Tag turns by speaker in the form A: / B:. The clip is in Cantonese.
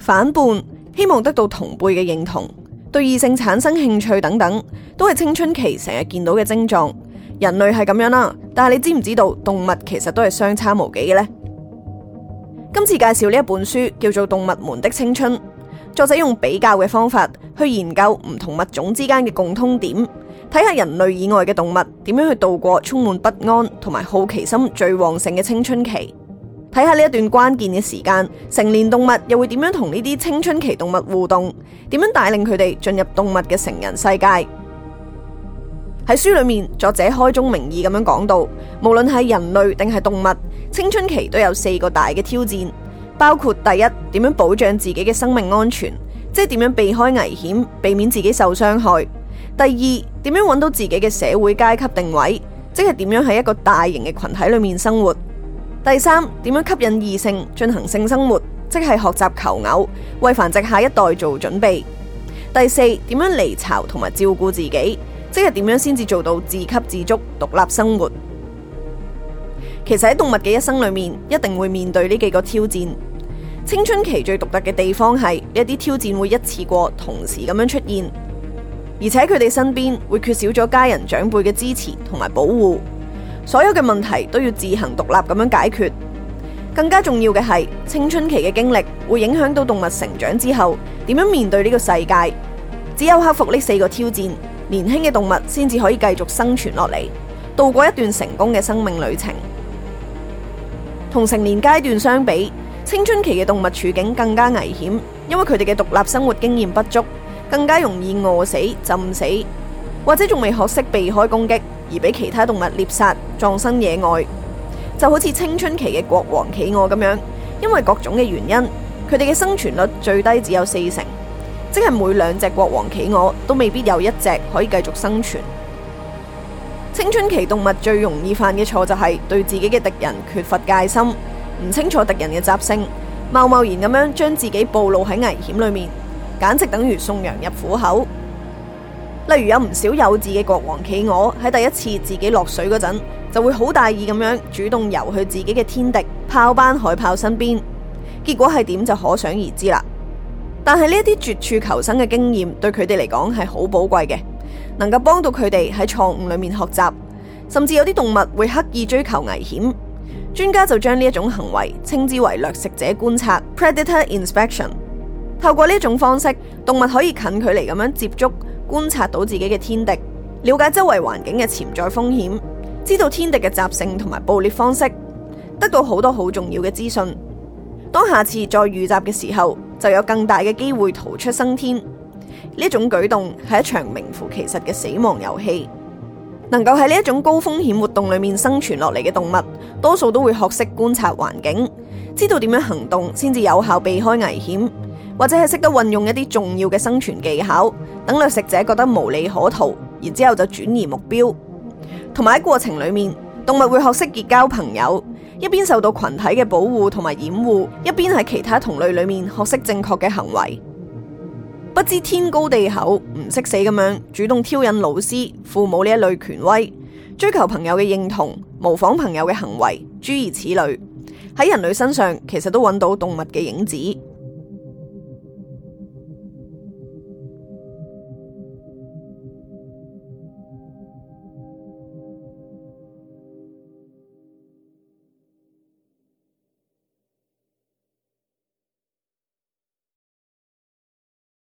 A: 反叛，希望得到同輩嘅認同，對異性產生興趣等等，都係青春期成日見到嘅症狀。人類係咁樣啦，但係你知唔知道動物其實都係相差無幾嘅呢？今次介紹呢一本書叫做《動物們的青春》，作者用比較嘅方法去研究唔同物種之間嘅共通點，睇下人類以外嘅動物點樣去度過充滿不安同埋好奇心最旺盛嘅青春期。睇下呢一段關鍵嘅時間，成年動物又會點樣同呢啲青春期動物互動？點樣帶領佢哋進入動物嘅成人世界？喺 書裏面，作者開宗明義咁樣講到：無論係人類定係動物，青春期都有四個大嘅挑戰，包括第一，點樣保障自己嘅生命安全，即係點樣避開危險，避免自己受傷害；第二，點樣揾到自己嘅社會階級定位，即係點樣喺一個大型嘅群體裏面生活。第三，點樣吸引異性進行性生活，即係學習求偶，為繁殖下一代做準備。第四，點樣離巢同埋照顧自己，即係點樣先至做到自給自足、獨立生活。其實喺動物嘅一生裏面，一定會面對呢幾個挑戰。青春期最獨特嘅地方係一啲挑戰會一次過同時咁樣出現，而且佢哋身邊會缺少咗家人長輩嘅支持同埋保護。所有嘅問題都要自行獨立咁樣解決，更加重要嘅係，青春期嘅經歷會影響到動物成長之後點樣面對呢個世界。只有克服呢四個挑戰，年輕嘅動物先至可以繼續生存落嚟，度過一段成功嘅生命旅程。同成年階段相比，青春期嘅動物處境更加危險，因為佢哋嘅獨立生活經驗不足，更加容易餓死、浸死。或者仲未學識避開攻擊，而俾其他動物獵殺、葬身野外，就好似青春期嘅國王企鵝咁樣，因為各種嘅原因，佢哋嘅生存率最低只有四成，即係每兩隻國王企鵝都未必有一隻可以繼續生存。 青春期動物最容易犯嘅錯就係對自己嘅敵人缺乏戒心，唔清楚敵人嘅習性，貿貿然咁樣將自己暴露喺危險裏面，簡直等於送羊入虎口。例如有唔少幼稚嘅國王企鵝喺第一次自己落水嗰陣，就會好大意咁樣主動游去自己嘅天敵豹斑海豹身邊，結果係點就可想而知啦。但係呢一啲絕處求生嘅經驗對佢哋嚟講係好寶貴嘅，能夠幫到佢哋喺錯誤裏面學習。甚至有啲動物會刻意追求危險，專家就將呢一種行為稱之為掠食者觀察 （predator inspection）。透過呢種方式，動物可以近距離咁樣接觸。觀察到自己嘅天敵，了解周圍環境嘅潛在風險，知道天敵嘅習性同埋捕獵方式，得到好多好重要嘅資訊。當下次再遇襲嘅時候，就有更大嘅機會逃出生天。呢種舉動係一場名副其實嘅死亡遊戲。能夠喺呢一種高風險活動裏面生存落嚟嘅動物，多數都會學識觀察環境，知道點樣行動先至有效避開危險。或者係識得運用一啲重要嘅生存技巧，等掠食者覺得無利可圖，然之後就轉移目標。同埋喺過程裏面，動物會學識結交朋友，一邊受到群體嘅保護同埋掩護，一邊喺其他同類裏面學識正確嘅行為。不知天高地厚，唔識死咁樣主動挑釁老師、父母呢一類權威，追求朋友嘅認同，模仿朋友嘅行為，諸如此類。喺人類身上，其實都揾到動物嘅影子。